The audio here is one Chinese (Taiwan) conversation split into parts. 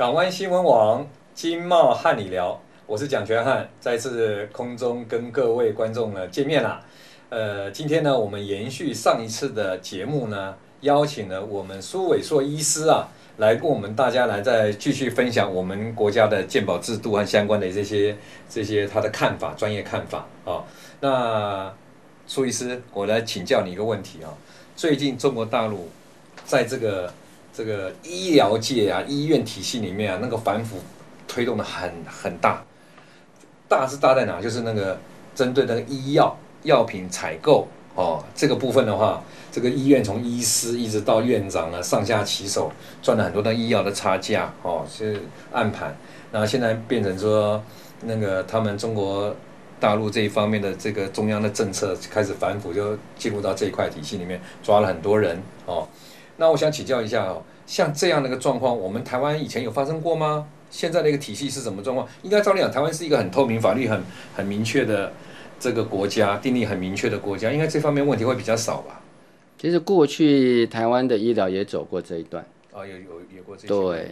港灣新聞網經貿瀚你聊，我是蔣權瀚，再次空中跟各位觀眾呢見面了呃，今天呢，我們延續上一次的節目呢，邀請了我們蘇偉碩醫師啊，來跟我們大家來再繼續分享我們國家的健保制度和相關的這些這些他的看法、專業看法啊、哦。那蘇醫師，我來請教你一個問題啊、哦，最近中國大陸在這個。這個醫療界啊，醫院體系裡面啊，那個反腐推動的很很大，大是大在哪？就是那個針對那個醫藥藥品採購哦，這個部分的話，這個醫院從醫師一直到院長呢，上下其手賺了很多的醫藥的差價哦，是暗盤。然後現在變成說，那個他們中國大陸這一方面的這個中央的政策開始反腐，就進入到這一塊體系裡面抓了很多人哦。那我想請教一下哦，像這樣的一個狀況，我們台灣以前有發生過嗎？現在的一個體系是什麼狀況？應該照理講，台灣是一個很透明、法律很很明確的這個國家，定義很明確的國家，應該這方面問題會比較少吧？其實過去台灣的醫療也走過這一段，啊，有有有過這一段。對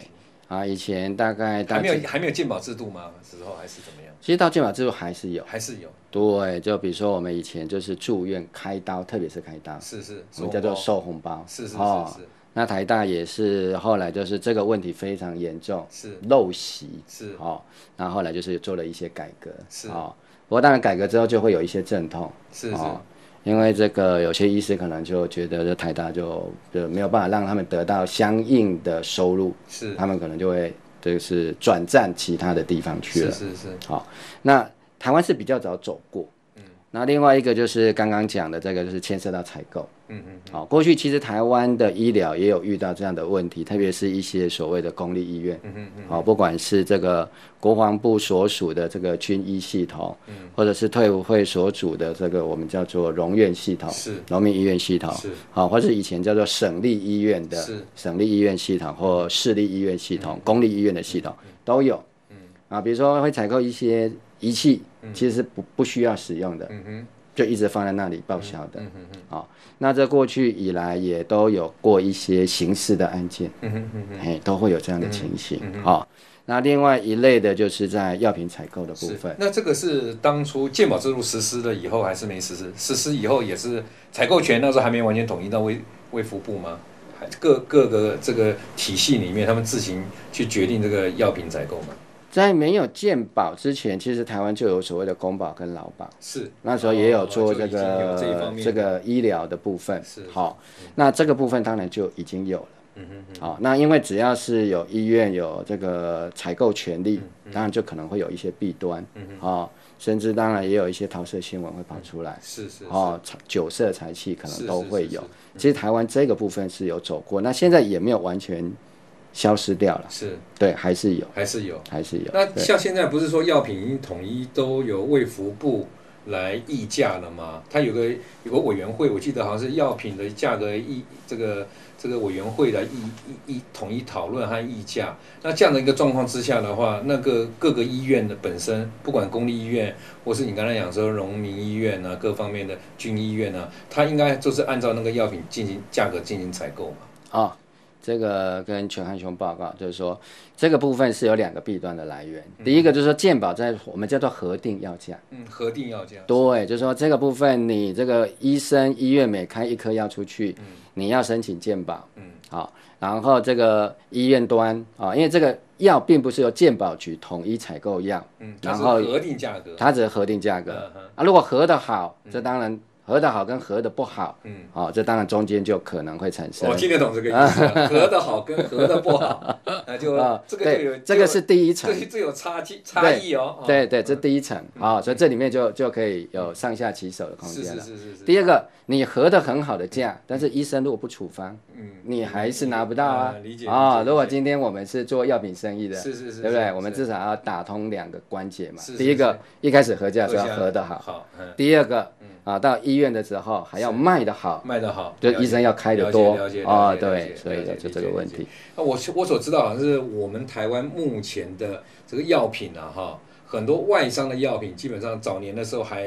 啊，以前大概，大概還沒有還沒有健保制度嗎？時候還是怎麼樣？其實到健保制度還是有，還是有。對，就比如說我們以前就是住院開刀，特別是開刀，是是，我們叫做收紅包，是是是，是、哦。那台大也是後來就是這個問題非常嚴重，是陋習，席是哦。那後，後來就是做了一些改革，是哦。不過當然改革之後就會有一些陣痛，是是。哦因為這個有些醫師可能就覺得這太大，就就沒有辦法讓他們得到相應的收入，是他們可能就會就是轉戰其他的地方去了。是是是，好，那台灣是比較早走過。那另外一個就是剛剛講的這個，就是牽涉到採購。嗯嗯。好，過去其實台灣的醫療也有遇到這樣的問題，特別是一些所謂的公立醫院。嗯嗯好，不管是這個國防部所屬的這個軍醫系統，或者是退輔會所屬的這個我們叫做榮院系統，是，榮民醫院系統，是。好，或者以前叫做省立醫院的，是，省立醫院系統或市立醫院系統、公立醫院的系統都有。嗯。啊，比如說會採購一些儀器。其實不不需要使用的，就一直放在那裡報銷的。嗯哼哦。那這過去以來也都有過一些刑事的案件，哎，嗯嗯，都會有這樣的情形。嗯嗯哦，那另外一類的就是在藥品採購的部分。那這個是當初健保制度實施了以後，還是沒實施？實施以後也是採購權那時候還沒完全統一到衛衛福部嗎？各各個這個體系裡面，他們自行去決定這個藥品採購嗎？在沒有健保之前，其實台灣就有所謂的公保跟勞保，是那時候也有做這個這個醫療的部分，好，那這個部分當然就已經有了，好，那因為只要是有醫院有這個採購權利，當然就可能會有一些弊端，啊，甚至當然也有一些桃色新聞會跑出來，是是，哦，酒色財氣可能都會有，其實台灣這個部分是有走過，那現在也沒有完全。消失掉了，是對，還是有，還是有，還是有。那像現在不是說藥品統一都由衛福部來議價了嗎？它對有個有個委員會，我記得好像是藥品的價格議這個這個委員會來議議議統一討論和議價。那這樣的一個狀況之下的話，那個各個醫院的本身，不管公立醫院或是你剛才講說榮民醫院啊，各方面的軍醫院啊，它應該就是按照那個藥品進行價格進行採購嘛？啊、哦。這個跟權瀚兄報告就是說，這個部分是有兩個弊端的來源。嗯、第一個就是說，健保在我們叫做核定藥價，嗯，核定藥價對就是說這個部分你這個醫生醫院每開一顆藥出去，嗯、你要申請健保，嗯，好、啊，然後這個醫院端啊，因為這個藥並不是由健保局統一採購藥，嗯，它是核定價格，它只是核定價格、嗯、啊，如果核得好，嗯、這當然。合的好跟合的不好，好，這當然中間就可能會產生。我聽得懂這個意思。合的好跟合的不好，那就這個就有這個是第一層，就有差距差異哦。對對，這第一層啊，所以這裡面就就可以有上下其手的空間了。第二個，你合的很好的價，但是醫生如果不處方，你還是拿不到啊。啊，如果今天我們是做藥品生意的，是是是，對不對？我們至少要打通兩個關節嘛。第一個，一開始合價就要合的好。好。第二個。啊，到醫院的時候還要賣得好，賣得好，就醫生要開得多啊、哦，對，所以就這個問題。那我我所知道好像是我們台灣目前的這個藥品呢，哈，很多外商的藥品基本上早年的時候還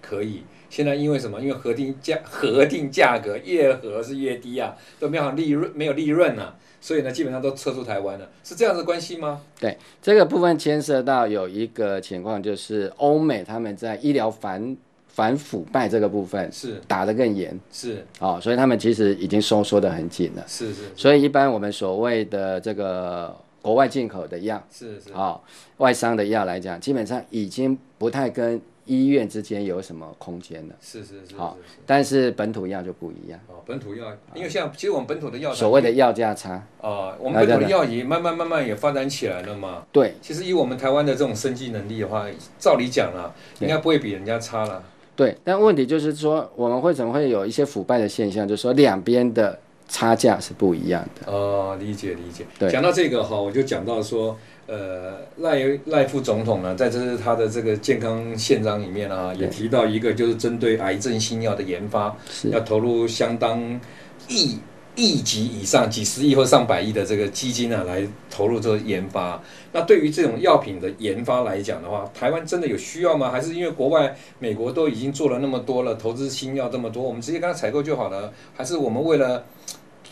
可以，現在因為什麼？因為核定價核定價格越核是越低啊，都沒有利潤，沒有利潤了、啊，所以呢，基本上都撤出台灣了，是這樣的關係嗎？對，這個部分牽涉到有一個情況，就是歐美他們在醫療反反腐敗這個部分是打得更嚴，是哦。所以他們其實已經收縮得很緊了，是，是是，所以一般我們所謂的這個國外進口的藥是是、哦、外商的藥來講，基本上已經不太跟醫院之間有什麼空間了，是，是是是，好、哦，但是本土藥就不一樣，哦。本土藥因為像其實我們本土的藥所謂的藥價差哦，我們本土的藥也慢慢慢慢也發展起來了嘛，就是、對，其實以我們台灣的這種生技能力的話，照理講啊，應該不會比人家差了。對，但問題就是說，我們會怎麼會有一些腐敗的現象？就是說，兩邊的差價是不一樣的。哦，理解理解。對，講到這個哈，我就講到說，呃，賴賴副總統呢，在這是他的這個健康憲章裡面呢、啊，對也提到一個，就是針對癌症新藥的研發，是要投入相當億。億級以上、幾十億或上百億的這個基金啊，來投入做研發。那對於這種藥品的研發來講的話，台灣真的有需要嗎？還是因為國外、美國都已經做了那麼多了，投資新藥這麼多，我們直接跟他採購就好了？還是我們為了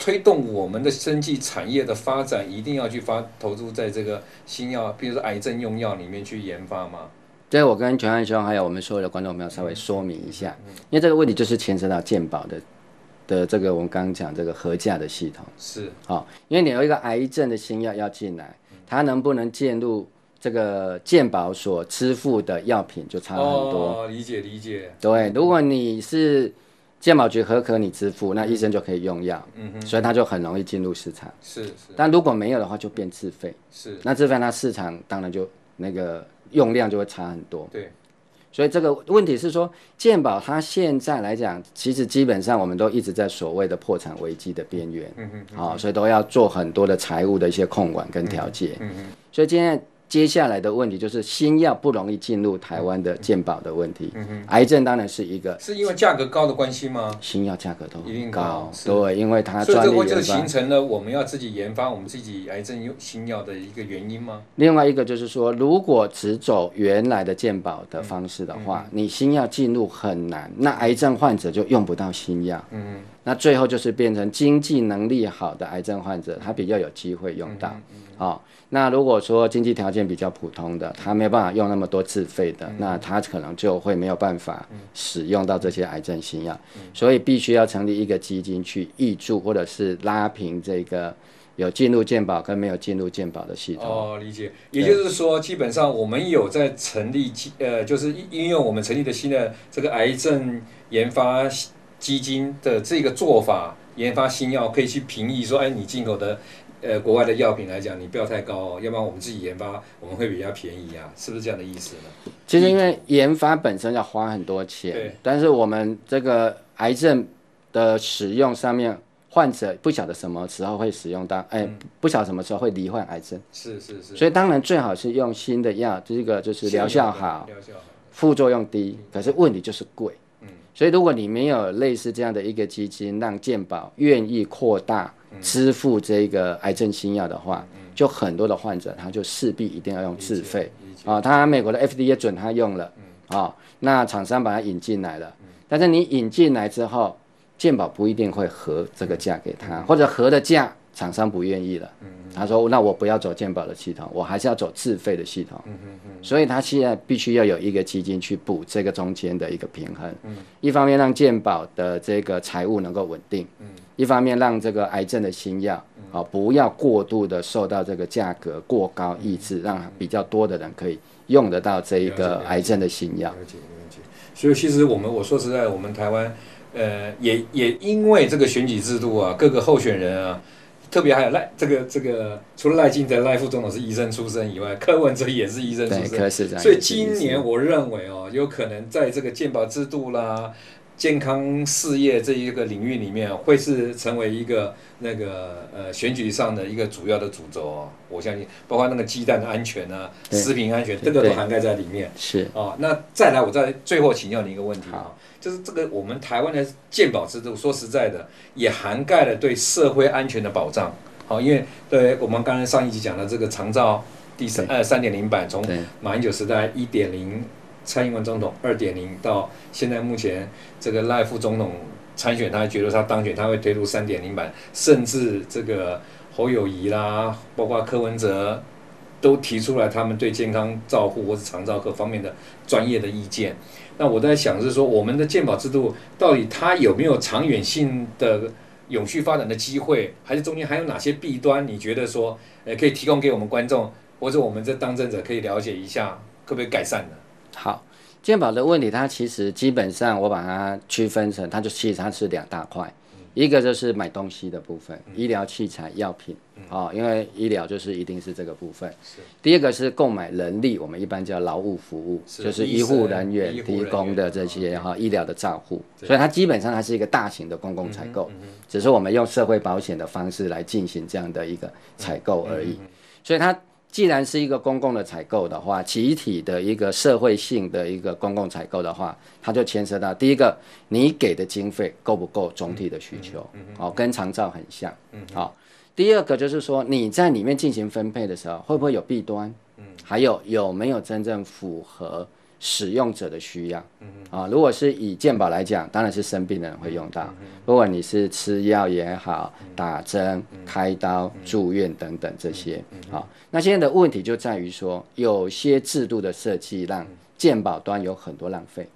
推動我們的生技產業的發展，一定要去發投資在這個新藥，比如說癌症用藥裡面去研發嗎？對，我跟權瀚兄還有我們所有的觀眾，我們要稍微說明一下，因為這個問題就是牽扯到健保的。的這個，我們剛剛講這個核價的系統是啊、哦，因為你有一個癌症的新藥要進來，嗯、它能不能進入這個健保所支付的藥品就差很多。理解、哦、理解。理解對，如果你是健保局核可你支付，嗯、那醫生就可以用藥，嗯、哼所以他就很容易進入市場。是是。但如果沒有的話，就變自費、嗯。是。那自費，那市場當然就那個用量就會差很多。對。所以這個問題是說，健保它現在來講，其實基本上我們都一直在所謂的破產危機的邊緣，啊，所以都要做很多的財務的一些控管跟調節。所以今天。接下來的問題就是新藥不容易進入台灣的健保的問題嗯。嗯哼，嗯癌症當然是一個，是因為價格高的關係嗎？新藥價格都一定高，對，因為它專利，所以這個就形成了我們要自己研發我們自己癌症用新藥的一個原因嗎？另外一個就是說，如果只走原來的健保的方式的話，嗯嗯嗯、你新藥進入很難，那癌症患者就用不到新藥，嗯。嗯哼，那最後就是變成經濟能力好的癌症患者，他比較有機會用到，啊、嗯。嗯嗯哦那如果說經濟條件比較普通的，他沒有辦法用那麼多自費的，嗯、那他可能就會沒有辦法使用到這些癌症新藥，嗯、所以必須要成立一個基金去挹注，或者是拉平這個有進入健保跟沒有進入健保的系統。哦，理解。對也就是說，基本上我們有在成立基，呃，就是應用我們成立的新的這個癌症研發基金的這個做法，研發新藥可以去評議說，哎，你進口的。呃，國外的藥品來講，你不要太高哦，要不然我們自己研發，我們會比較便宜啊，是不是這樣的意思呢？其實因為研發本身要花很多錢，對。但是我們這個癌症的使用上面，患者不曉得什麼時候會使用到，哎、嗯欸，不曉得什麼時候會罹患癌症。是是是。所以當然最好是用新的藥，這個就是療效好，療效好，副作用低。可是問題就是貴。嗯。所以如果你沒有類似這樣的一個基金，讓健保願意擴大。支付這個癌症新藥的話，就很多的患者他就勢必一定要用自費啊、哦。他美國的 FDA 準他用了啊、嗯哦，那廠商把他引進來了，但是你引進來之後。健保不一定會核這個價給他，或者核的價，廠商不願意了，他說那我不要走健保的系統，我還是要走自費的系統。嗯嗯嗯，所以他現在必須要有一個基金去補這個中間的一個平衡。嗯，一方面讓健保的這個財務能夠穩定，嗯，一方面讓這個癌症的新藥啊不要過度的受到這個價格過高抑制，讓比較多的人可以用得到這一個癌症的新藥。所以其實我們，我說實在，我們台灣。呃，也也因為這個選舉制度啊，各個候選人啊，特別還有賴這個這個，除了賴清德、賴副總統是醫生出身以外，柯文哲也是醫生出身，出身。所以今年我認為哦，有可能在這個健保制度啦。健康事業這一個領域裡面，會是成為一個那個呃選舉上的一個主要的主軸，啊、我相信，包括那個雞蛋的安全吶，、啊，對食品安全，是這個都涵蓋在裡面。是啊，哦，那再來，我再最後請教您一個問題啊，好就是這個我們台灣的健保制度，說實在的，也涵蓋了對社會安全的保障。好，哦，因為對我們剛才上一集講的這個長照第三對呃三點零版，從馬英九時代一點零。蔡英文總統二點零到現在目前，這個賴副總統參選，他覺得他當選他會推出三點零版，甚至這個侯友宜啦，包括柯文哲都提出來他們對健康照護或者長照各方面的專業的意見。那我在想是說，我們的健保制度到底它有沒有長遠性的永續發展的機會？還是中間還有哪些弊端？你覺得說，可以提供給我們觀眾或者我們這當政者可以了解一下，可不可以改善呢？好，健保的問題，它其實基本上我把它區分成，它就其實它是兩大塊，一個就是買東西的部分，醫療器材、藥品，啊，因為醫療就是一定是這個部分。第二個是購買人力，我們一般叫勞務服務，就是醫護人員、提供的這些哈醫療的賬戶，所以它基本上它是一個大型的公共採購，只是我們用社會保險的方式來進行這樣的一個採購而已，所以它。既然是一個公共的採購的話，集體的一個社會性的一個公共採購的話，它就牽涉到第一個，你給的經費夠不夠總體的需求？哦，跟長照很像。好，第二個就是說你在裡面進行分配的時候，會不會有弊端？還有有沒有真正符合？使用者的需要，啊、哦，如果是以健保來講，當然是生病的人會用到。如果你是吃藥也好，打針、開刀、住院等等這些，好、哦，那現在的問題就在於說，有些制度的設計讓健保端有很多浪費，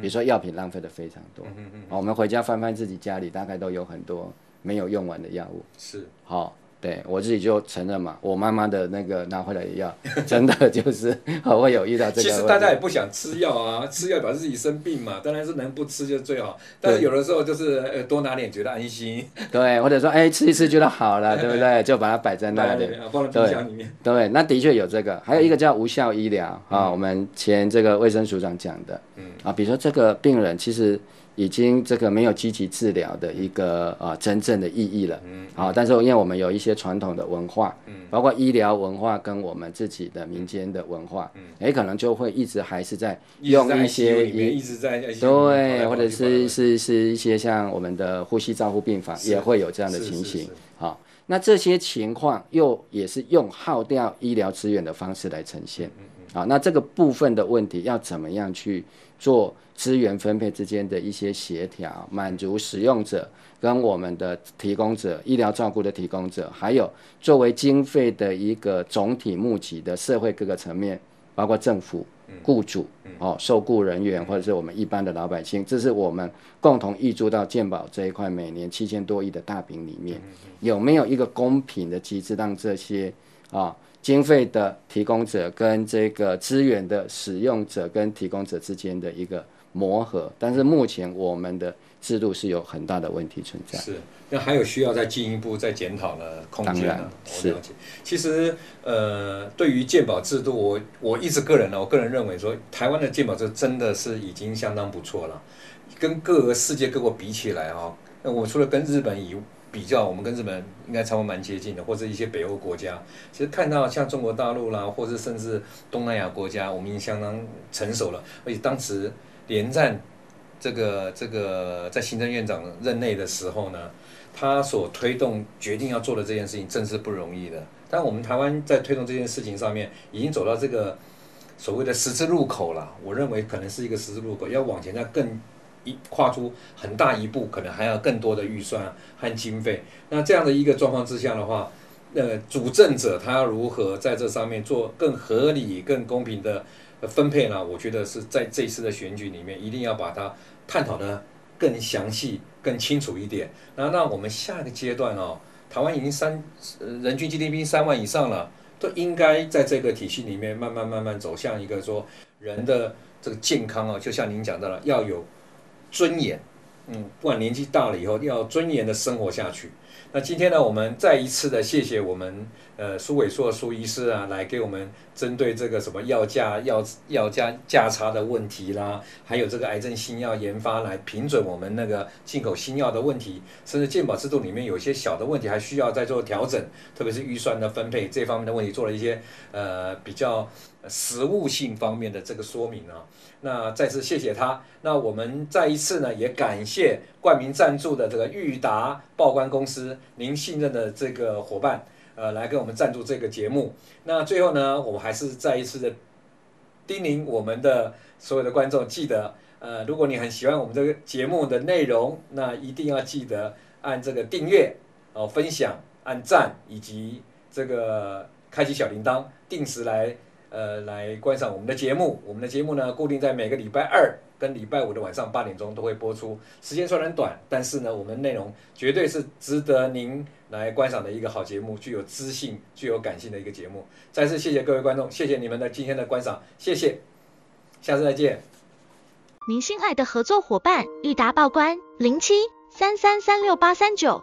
比如說藥品浪費的非常多、哦，我們回家翻翻自己家裡，大概都有很多沒有用完的藥物，是，好、哦。對我自己就承認嘛，我媽媽的那個拿回來的藥，真的就是會有遇到這個。其實大家也不想吃藥啊，吃藥表示自己生病嘛，當然是能不吃就最好。對但是有的時候就是多拿點覺得安心。對，或者說哎、欸、吃一吃覺得好了，對不對，對？對對對，就把它擺在那裡對對對，放在冰箱裡面。對，對，那的確有這個，還有一個叫無效醫療啊、嗯哦，我們前這個衛生署長講的。嗯啊，比如說這個病人其實。已經這個沒有積極治療的一個啊、呃，真正的意義了，好、嗯喔，但是因為我們有一些傳統的文化，嗯、包括醫療文化跟我們自己的民間的文化，哎、嗯嗯欸，可能就會一直還是在用一些也依一直在對，或者是，嗯、是是，是一些像我們的呼吸照護病房是也會有這樣的情形，好、喔，那這些情況又也是用耗掉醫療資源的方式來呈現，啊、嗯嗯喔，那這個部分的問題要怎麼樣去？做資源分配之間的一些協調，滿足使用者跟我們的提供者，醫療照顧的提供者，還有作為經費的一個總體募集的社會各個層面，包括政府、雇主、哦、受雇人員或者是我們一般的老百姓，這是我們共同挹注到健保這一塊每年七千多億的大餅裡面，有沒有一個公平的機制讓這些啊？哦經費的提供者，跟這個資源的使用者跟提供者之間的一個磨合，但是目前我們的制度是有很大的問題存在。是，那還有需要再進一步再檢討的空間。當然我了解其實呃，對於健保制度，我我一直個人呢，我個人認為說，台灣的健保是真的是已經相當不錯了，跟各個世界各國比起來啊、哦，那我除了跟日本以比較我們跟日本應該差不多蠻接近的，或者一些北歐國家。其實看到像中國大陸啦，或者甚至東南亞國家，我們已經相當成熟了。而且當時連戰這個這個在行政院長任內的時候呢，他所推動決定要做的這件事情，真是不容易的。但我們台灣在推動這件事情上面，已經走到這個所謂的十字路口了。我認為可能是一個十字路口，要往前再更。一跨出很大一步，可能還要更多的預算和經費。那這樣的一個狀況之下的話，呃，主政者他要如何在這上面做更合理、更公平的分配呢？我覺得是在這次的選舉裡面，一定要把它探討得更詳細、更清楚一點。那那我們下一個階段哦，台灣已經三，呃，人均 GDP 三萬以上了，都應該在這個體系裡面慢慢慢慢走向一個說人的這個健康哦，就像您講到了要有。尊嚴，嗯，不管年紀大了以後，要尊嚴的生活下去。那今天呢，我們再一次的謝謝我們呃蘇偉碩蘇醫師啊，來給我們針對這個什麼藥價、藥藥價價差的問題啦，還有這個癌症新藥研發來平準我們那個進口新藥的問題，甚至健保制度裡面有些小的問題還需要再做調整，特別是預算的分配這方面的問題做了一些呃比較。實務性方面的這個說明啊，那再次謝謝他。那我們再一次呢，也感謝冠名贊助的這個諭達報關公司，您信任的這個夥伴，呃，來跟我們贊助這個節目。那最後呢，我還是再一次的叮嚀我們的所有的觀眾，記得，呃，如果你很喜歡我們這個節目的內容，那一定要記得按這個訂閱哦，呃，分享按讚以及這個開啟小鈴鐺，定時來。呃，來觀賞我們的節目。我們的節目呢，固定在每個禮拜二跟禮拜五的晚上八點鐘都會播出。時間雖然短，但是呢，我們內容絕對是值得您來觀賞的一個好節目，具有知性、具有感性的一個節目。再次謝謝各位觀眾，謝謝你們的今天的觀賞，謝謝，下次再見。您信賴的合作夥伴，諭達報關，零七三三三六八三九。